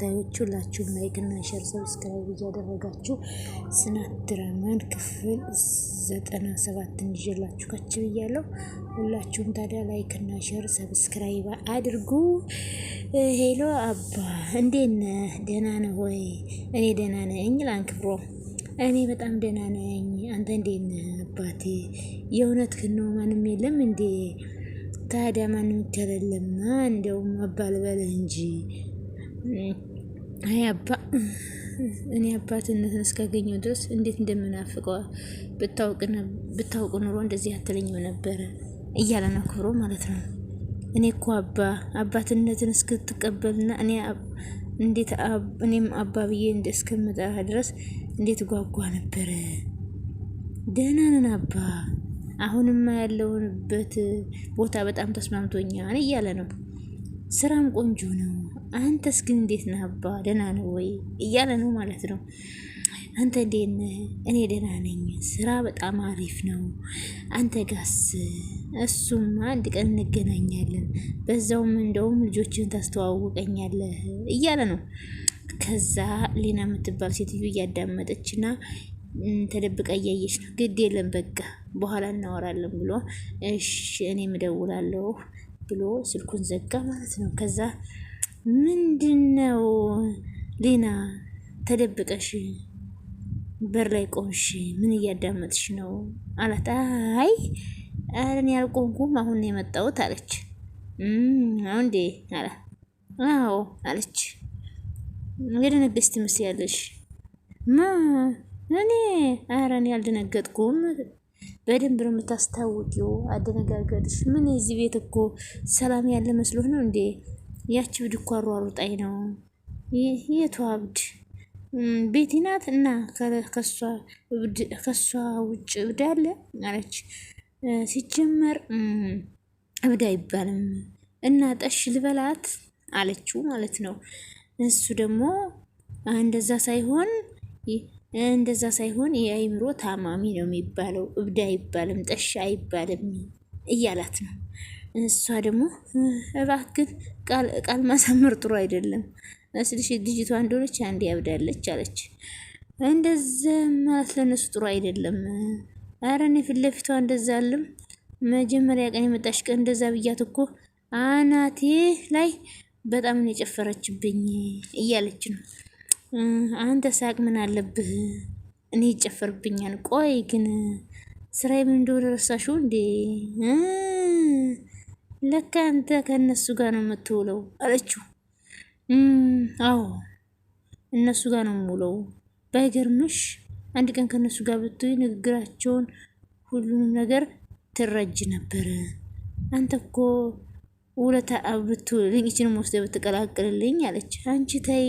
ተከታታዮች ሁላችሁም እና ሸር ሰብስክራይብ እያደረጋችሁ ጽናት ድራማን ክፍል ዘጠና ሰባት እንዲጀላችሁ ከች ብያለሁ። ሁላችሁም ታዲያ ላይክ እና ሸር ሰብስክራይብ አድርጉ። ሄሎ አባ እንዴነ? ነህ? ደህና ነህ ወይ? እኔ ደህና ነኝ። ብሮ እኔ በጣም ደህና ነኝ። አንተ እንዴነ? ነህ አባቴ? የእውነትህን ነው? ማንም የለም እንዴ? ታዲያ ማንም ይከለለማ እንደውም አባልበልህ እንጂ አይ አባ እኔ አባትነትን እስካገኘው ድረስ እንዴት እንደምናፍቀው ብታውቅ ኑሮ እንደዚህ አትለኝም ነበረ እያለ ነው ክብሮ ማለት ነው። እኔ እኮ አባ አባትነትን እስክትቀበልና እኔ እንዴት እኔም አባ ብዬ እስከምጠራ ድረስ እንዴት ጓጓ ነበረ። ደህና ነን አባ፣ አሁንማ ያለውንበት ቦታ በጣም ተስማምቶኛል እያለ ነው ስራም ቆንጆ ነው። አንተስ ግን እንዴት ነህ አባ ደህና ነው ወይ እያለ ነው ማለት ነው። አንተ እንዴት ነህ? እኔ ደህና ነኝ። ስራ በጣም አሪፍ ነው። አንተ ጋስ? እሱም አንድ ቀን እንገናኛለን፣ በዛውም እንደውም ልጆችን ታስተዋውቀኛለህ እያለ ነው። ከዛ ሌና የምትባል ሴትዮ እያዳመጠች ና ተደብቃ እያየች ነው። ግድ የለም በቃ በኋላ እናወራለን ብሎ እሺ እኔ ምደውላለሁ ብሎ ስልኩን ዘጋ ማለት ነው። ከዛ ምንድን ነው ሊና ተደብቀሽ በር ላይ ቆምሽ ምን እያዳመጥሽ ነው አላት። አይ እኔ ያልቆምኩም አሁን ነው የመጣሁት አለች። አሁን እንዴ አለ። አዎ አለች። የደነገስት ትመስያለሽ። ማ እኔ ኧረ እኔ አልደነገጥኩም በደንብ ነው የምታስታውቂው። አደነጋገጥሽ ምን የዚህ ቤት እኮ ሰላም ያለ መስሎህ ነው እንዴ? ያቺ ብድ እኮ ነው። የቱ ብድ? ቤቲ ናት። እና ከሷ ውጭ እብድ አለ አለች። ሲጀመር እብድ አይባልም። እና ጠሽ ልበላት አለችው ማለት ነው። እሱ ደግሞ እንደዛ ሳይሆን እንደዛ ሳይሆን የአይምሮ ታማሚ ነው የሚባለው፣ እብድ አይባልም፣ ጠሻ አይባልም እያላት ነው። እሷ ደግሞ እባክህ ቃል ማሳመር ጥሩ አይደለም መስልሽ ልጅቷ እንደሆነች አንዴ ያብዳለች አለች። እንደዚ ማለት ለነሱ ጥሩ አይደለም። ኧረ እኔ ፊት ለፊቷ እንደዛ አለም መጀመሪያ ቀን የመጣሽ ቀን እንደዛ ብያት እኮ አናቴ ላይ በጣም ነው የጨፈረችብኝ እያለች ነው አንተ ሳቅ ምን አለብህ? እኔ ይጨፈርብኛል። ቆይ ግን ስራዬ ምን እንደሆነ ረሳሽው እንዴ? ለካ አንተ ከእነሱ ጋር ነው የምትውለው አለችው። አዎ እነሱ ጋር ነው የምውለው። ባይገርምሽ አንድ ቀን ከእነሱ ጋር ብትይ ንግግራቸውን፣ ሁሉንም ነገር ትረጅ ነበር አንተ እኮ ውለታ ብትውልኝ፣ ይችን ወስደ ብትቀላቅልልኝ አለች። አንቺ ተይ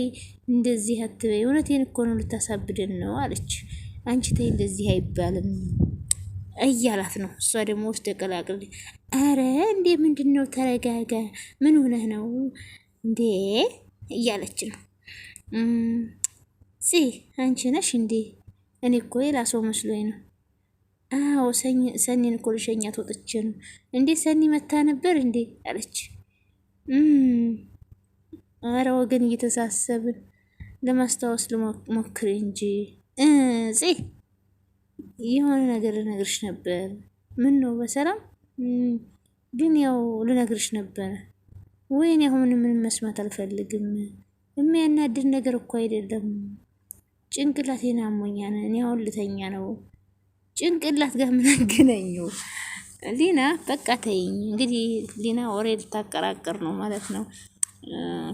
እንደዚህ አትበይ፣ እውነቴን እኮ ነው፣ ልታሳብደን ነው አለች። አንቺ ተይ እንደዚህ አይባልም እያላት ነው። እሷ ደግሞ ውስጥ ቀላቅል፣ አረ እንዴ ምንድን ነው ተረጋጋ፣ ምን ሆነህ ነው እንዴ እያለች ነው። ሲ አንቺ ነሽ እንዴ? እኔ እኮ ሌላ ሰው መስሎኝ ነው። አዎ ሰኒን እኮ ልሸኛት ወጥቼ ነው። እንዴ ሰኒ መታ ነበር እንዴ አለች። አረ ወገን እየተሳሰብን ለማስታወስ ልሞክር እንጂ እጽ የሆነ ነገር ልነግርሽ ነበር። ምን ነው በሰላም ግን ያው ልነግርሽ ነበረ። ወይን አሁን ምን መስማት አልፈልግም። የሚያናድድ ነገር እኮ አይደለም። ጭንቅላቴን አሞኛል። እኔ አሁን ልተኛ ነው። ጭንቅላት ጋር ምን አገናኘው? ሊና በቃ ተይኝ። እንግዲህ ሊና ወሬ ልታቀራቅር ነው ማለት ነው።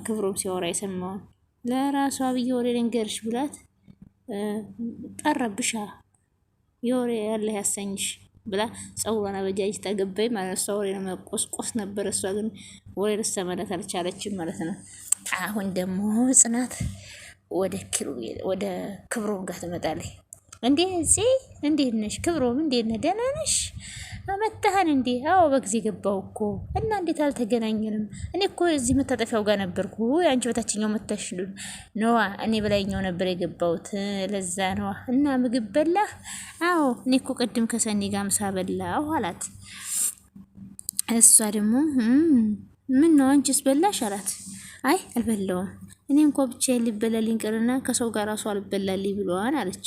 ክብሮም ሲያወራ የሰማውን ለራሷ ብዬ ወሬ ልንገርሽ ብላት ቀረብሻ የወሬ ያለ ያሰኝሽ ብላ ፀጉሯን አበጃጅ ተገባይ ማለት እሷ ወሬ ለመቆስቆስ ነበር። እሷ ግን ወሬ ልሰመለት አልቻለችም ማለት ነው። አሁን ደግሞ ጽናት ወደ ክብሮም ጋር ትመጣለች። እንዴ እዚህ እንዴት ነሽ? ክብሮም እንዴት ነህ? ደህና ነሽ? አመጣህን እንዴ? አዎ በጊዜ ገባው እኮ እና እንዴት አልተገናኘንም? እኔ እኮ እዚህ መታጠፊያው ጋር ነበርኩ፣ የአንቺ በታችኛው መታሽሉ ነዋ። እኔ በላይኛው ነበር የገባውት ለዛ ነዋ። እና ምግብ በላህ? አዎ እኔ እኮ ቅድም ከሰኒ ጋር ምሳ በላሁ አላት። እሷ ደግሞ ምን ነው አንቺስ በላሽ አላት። አይ አልበላውም እኔ እንኳ ብቻ ልበላልኝ ቅርና ከሰው ጋር ራሱ አልበላልኝ ብለዋን አለች።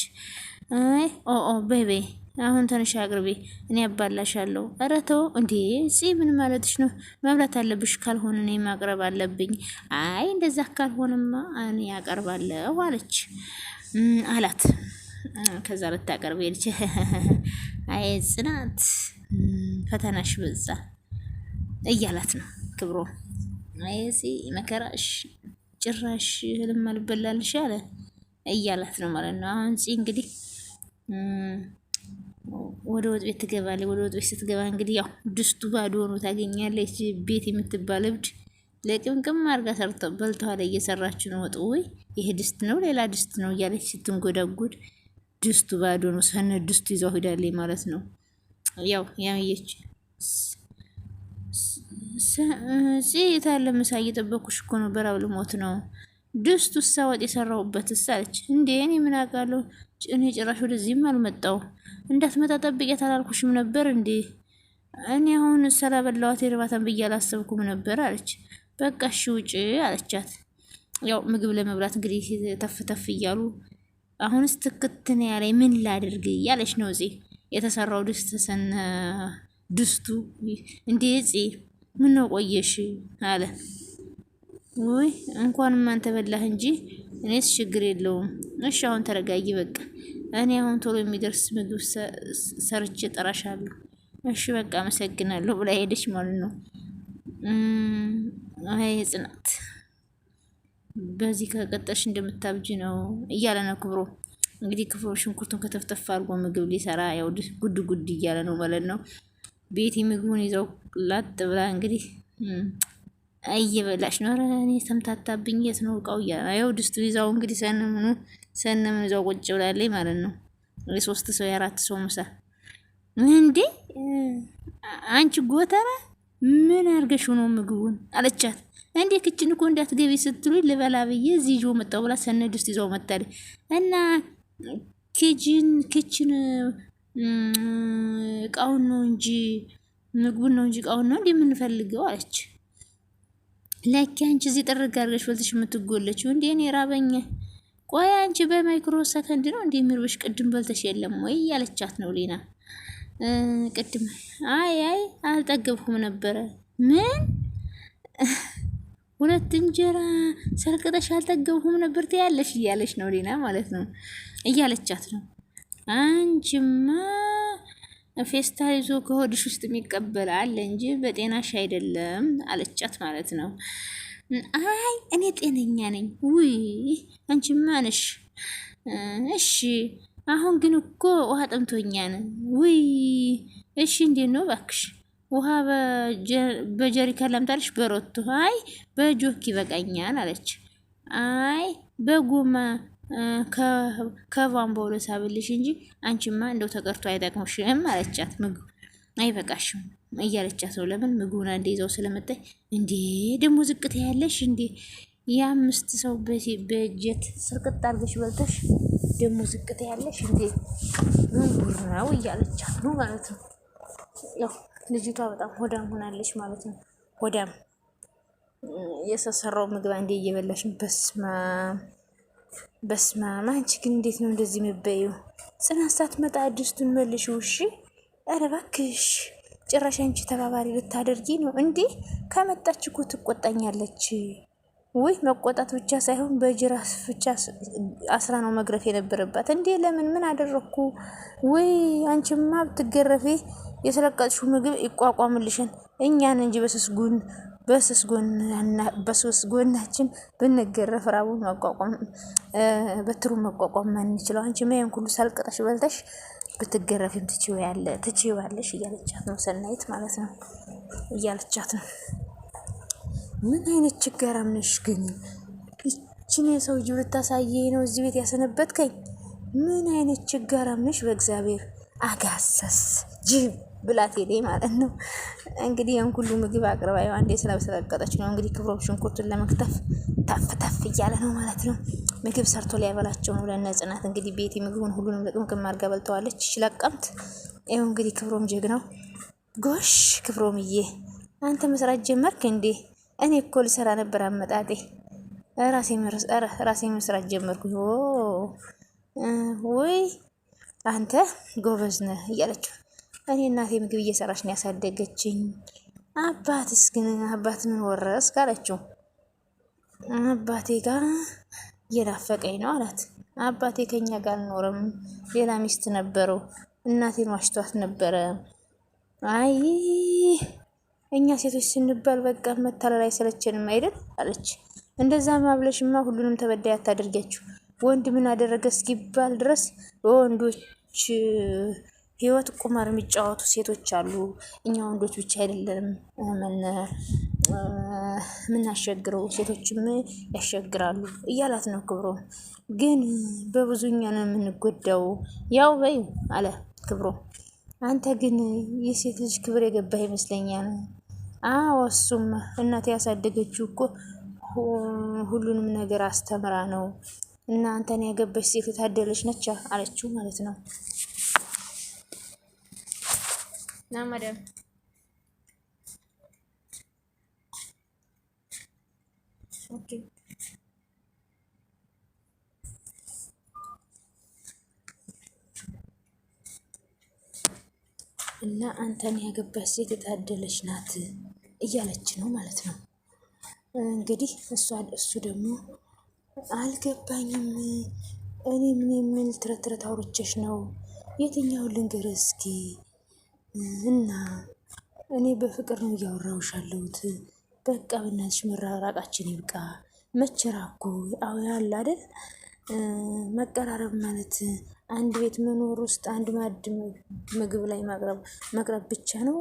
አይ ኦ ኦ በይ በይ አሁን ትንሽ አቅርቤ እኔ አባላሻለሁ። ኧረ ተው እንዴ ጽ ምን ማለትሽ ነው? መብላት አለብሽ። ካልሆነ እኔ ማቅረብ አለብኝ። አይ እንደዛ ካልሆነማ እኔ አቀርባለሁ አለች አላት። ከዛ ልታቀርብ ሄደች። አይ ጽናት ፈተናሽ በዛ እያላት ነው ክብሮ። አይ ጽ መከራሽ ጭራሽ ህልም አልበላልሽ አለ እያላት ነው ማለት ነው። አሁን ጽ እንግዲህ ወደ ወጥ ቤት ትገባለች። ወደ ወጥ ቤት ስትገባ እንግዲህ ያው ድስቱ ባዶ ሆኖ ታገኛለች። ቤት የምትባል እብድ ለቅምቅም አድርጋ ሰርተ በልተኋላ እየሰራች ነው። ወጥ ወይ ይሄ ድስት ነው ሌላ ድስት ነው እያለች ስትንጎዳጎድ ድስቱ ባዶ ነው። ሰነ ድስቱ ይዛው ሄዳለች ማለት ነው። ያው ያመየች ጽ የታለ ምሳ እየጠበኩሽ እኮ ነው። በራብ ልሞት ነው ድስቱ እሳ ወጥ የሰራሁበት እሳ አለች። እንዴ እኔ ምን አውቃለሁ? እኔ ጭራሽ ወደዚህም አልመጣው። እንዳትመጣ ጠብቂያት አላልኩሽም ነበር እንዴ? እኔ አሁን ስላበላዋት የእርባታን ብዬ አላሰብኩም ነበር አለች። በቃ እሺ ውጪ አለቻት። ያው ምግብ ለመብላት እንግዲህ ተፍ ተፍ እያሉ አሁንስ ትክትን ያለ ምን ላድርግ እያለች ነው እዚህ የተሰራው ድስት ሰነ ድስቱ እንዴ ምን ነው ቆየሽ አለ ወይ እንኳንም አንተ በላህ እንጂ እኔስ ችግር የለውም። እሺ አሁን ተረጋጊ በቃ እኔ አሁን ቶሎ የሚደርስ ምግብ ሰርቼ ጠራሻለሁ። እሺ በቃ አመሰግናለሁ ብላ ሄደች ማለት ነው። አይ ጽናት በዚህ ከቀጠልሽ እንደምታብጅ ነው እያለ ነው ክብሮ። እንግዲህ ክፍሮ ሽንኩርቱን ከተፍተፍ አድርጎ ምግብ ሊሰራ ያው ጉድ ጉድ እያለ ነው ማለት ነው። ቤቲ ምግቡን ይዘው ላጥ ብላ እንግዲህ እየበላሽ ነው። ኧረ እኔ ተምታታብኝ። የት ነው እቃው? ያው ድስቱ ይዛው እንግዲህ ሰነምኑ ሰነምኑ ይዛው ቁጭ ብላለች ማለት ነው። የሶስት ሰው የአራት ሰው ምሳ እንዴ! አንቺ ጎተራ ምን አርገሽ ነው ምግቡን? አለቻት። እንዴ ክችን እኮ እንዳትገቢ ስትሉኝ ልበላ ብዬ እዚህ ይዤው መጣው ብላ ሰነ ድስት ይዛው መጣለ እና ኬጅን ክችን እቃውን ነው እንጂ ምግቡን ነው እንጂ እቃውን ነው እንደምንፈልገው አለች። ለኪ አንቺ እዚህ ጥርግ አድርገሽ ወልተሽ የምትጎለችው እንዴ? እኔ ራበኝ። ቆይ አንቺ በማይክሮ ሰከንድ ነው እንዴ የሚርብሽ? ቅድም በልተሽ የለም ወይ እያለቻት ነው ሊና። ቅድም አይ አይ አልጠገብኩም ነበረ። ምን ሁለት እንጀራ ሰልቅጠሽ አልጠገብኩም ነበር ትያለሽ? እያለች ነው ሊና ማለት ነው እያለቻት ነው አንቺማ ፌስታ ይዞ ከሆድሽ ውስጥ የሚቀበል አለ እንጂ በጤናሽ አይደለም አለቻት ማለት ነው። አይ እኔ ጤነኛ ነኝ። ውይ አንቺ ማንሽ? እሺ አሁን ግን እኮ ውሃ ነ ውይ እሺ እንዴት ነው እባክሽ? ውሃ በጀሪካን ላምጣልሽ? በሮቶ አይ በጆክ ይበቃኛል አለች። አይ በጎማ ከቫን ከቧንቧው ሳብልሽ እንጂ አንቺማ እንደው ተቀርቶ አይጠቅምሽም አለቻት። ምግብ አይበቃሽም እያለቻት ነው። ለምን ምግቡን አንዴ ይዘው ስለመጣኝ እንዴ ደግሞ ዝቅት ያለሽ እንዴ የአምስት ሰው በጀት ስርቅጥ አርገሽ በልተሽ ደግሞ ዝቅት ያለሽ እንዴ ምንጉር ነው እያለቻት ነው ማለት ነው። ያው ልጅቷ በጣም ሆዳም ሆናለች ማለት ነው። ሆዳም የሰሰራው ምግብ አንዴ እየበላሽ በስማ በስማ አንቺ ግን እንዴት ነው እንደዚህ የምትበይው? ጽናት ሳትመጣ ድስቱን መልሽ እሺ። ኧረ እባክሽ ጭራሽ አንቺ ተባባሪ ልታደርጊ ነው እንዴ? ከመጣች እኮ ትቆጣኛለች። ውይ መቆጣት ብቻ ሳይሆን በጅራፍ ብቻ አስራ ነው መግረፍ የነበረባት እንዴ። ለምን ምን አደረግኩ? ወይ አንቺማ ብትገረፌ የሰለቀጥሽው ምግብ ይቋቋምልሽን እኛን እንጂ ጉን በሶስት ጎናችን ብንገረፍ ራቡን መቋቋም በትሩ መቋቋም ማንችለው አንቺ ማየን ሁሉ ሳልቅጠሽ በልተሽ ብትገረፊም ትችይዋለሽ እያለቻት ነው። ሰናይት ማለት ነው እያለቻት ነው። ምን አይነት ችጋራም ነሽ ግን? ይችን የሰው እጅ ብታሳየኝ ነው እዚህ ቤት ያሰነበትከኝ። ምን አይነት ችጋራም ነሽ? በእግዚአብሔር አጋሰስ ጅብ ብላቴሌ ማለት ነው። እንግዲህ ያን ሁሉ ምግብ አቅርባ ያው አንዴ ስላስለቀጠች ነው እንግዲህ ክብሮም ሽንኩርቱን ለመክተፍ ተፍ ተፍ እያለ ነው ማለት ነው። ምግብ ሰርቶ ሊያበላቸው ነው ለእነ ጽናት እንግዲህ ቤቲ ምግቡን ሁሉንም ልቅምቅም አድርጋ በልተዋለች። ለቀምት ይኸው እንግዲህ ክብሮም ጀግናው ጎሽ ክፍሮምዬ አንተ መስራት ጀመርክ እንዴ? እኔ እኮ ልሰራ ነበር አመጣጤ ራሴ መስራት ጀመርኩ። ወይ አንተ ጎበዝ ነህ እያለችው እኔ እናቴ ምግብ እየሰራች ነው ያሳደገችኝ። አባትስ ግን አባት ምን ወረስ ካለችው አባቴ ጋር እየናፈቀኝ ነው አላት። አባቴ ከኛ ጋር አልኖርም፣ ሌላ ሚስት ነበረው። እናቴን ዋሽቷት ነበረ። አይ እኛ ሴቶች ስንባል በቃ መታለል አይሰለችንም አይደል አለች። እንደዛ ማብለሽማ ሁሉንም ተበዳይ አታደርጊያችሁ። ወንድ ምን አደረገ እስኪባል ድረስ በወንዶች ህይወት ቁማር የሚጫወቱ ሴቶች አሉ። እኛ ወንዶች ብቻ አይደለም የምናሸግረው ሴቶችም ያሸግራሉ እያላት ነው። ክብሮ ግን በብዙ ኛ ነው የምንጎዳው። ያው በይ አለ ክብሮ። አንተ ግን የሴት ልጅ ክብር የገባህ ይመስለኛል። አዎ እሱም እናት ያሳደገችው እኮ ሁሉንም ነገር አስተምራ ነው። እና አንተን ያገባች ሴት የታደለች ነች አለችው ማለት ነው። না madam okay እና አንተን ያገባች ሴት የታደለች ናት እያለች ነው ማለት ነው። እንግዲህ እሱ ደግሞ አልገባኝም እኔ ምን የምል ትረትረት አውሮቼሽ ነው የትኛው ልንገር እስኪ እና እኔ በፍቅር ነው እያወራሁሽ ያለሁት። በቃ በእናትሽ መራራቃችን ይብቃ። መቸራኩ አሁ ያለ አይደል መቀራረብ ማለት አንድ ቤት መኖር ውስጥ አንድ ማድ ምግብ ላይ ማቅረብ መቅረብ ብቻ ነው።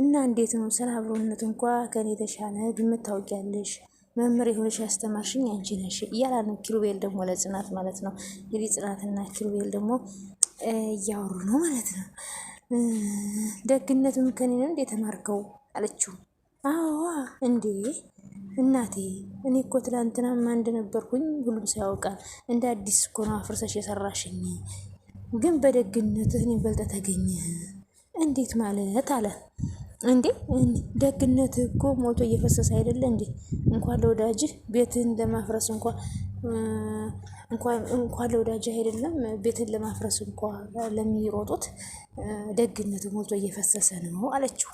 እና እንዴት ነው ስለ አብሮነት እንኳ ከኔ የተሻለ ግምታውቂያለሽ ታውቂያለሽ። መምህር የሆነሽ ያስተማርሽኝ አንቺ ነሽ እያላ ነው። ኪሩቤል ደግሞ ለጽናት ማለት ነው። እንግዲህ ጽናትና ኪሩቤል ደግሞ እያወሩ ነው ማለት ነው። ደግነቱን ከኔ ነው እንዴ ተማርከው አለችው። አዋ እንዴ እናቴ እኔ እኮ ትላንትናማ ነበርኩኝ። ሁሉም ሰው ያውቃል። እንደ አዲስ እኮ ነው አፍርሰሽ የሰራሽኝ፣ ግን በደግነት እኔ በልጠ ተገኘ እንዴት ማለት አለ እንዴ ደግነት እኮ ሞቶ እየፈሰሰ አይደለ እንዴ? እንኳን ለወዳጅህ ቤትህን ለማፍረስ እንኳን እንኳን ለወዳጅ አይደለም ቤትን ለማፍረስ እንኳ ለሚሮጡት ደግነት ሞልቶ እየፈሰሰ ነው አለችው።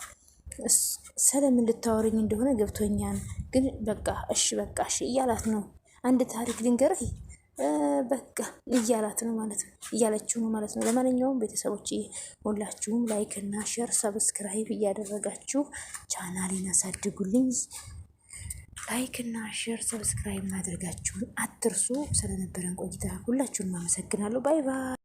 ሰለም ልታወሪኝ እንደሆነ ገብቶኛል፣ ግን በቃ እሺ በቃ እሺ እያላት ነው። አንድ ታሪክ ልንገርህ በቃ እያላት ነው ማለት ነው፣ እያለችው ነው ማለት ነው። ለማንኛውም ቤተሰቦች ሁላችሁም ላይክ እና ሼር ሰብስክራይብ እያደረጋችሁ ቻናሌን አሳድጉልኝ። ላይክ እና ሼር ሰብስክራይብ ማድረጋችሁን አትርሱ። ስለነበረን ቆይታ ሁላችሁንም አመሰግናለሁ። ባይ ባይ።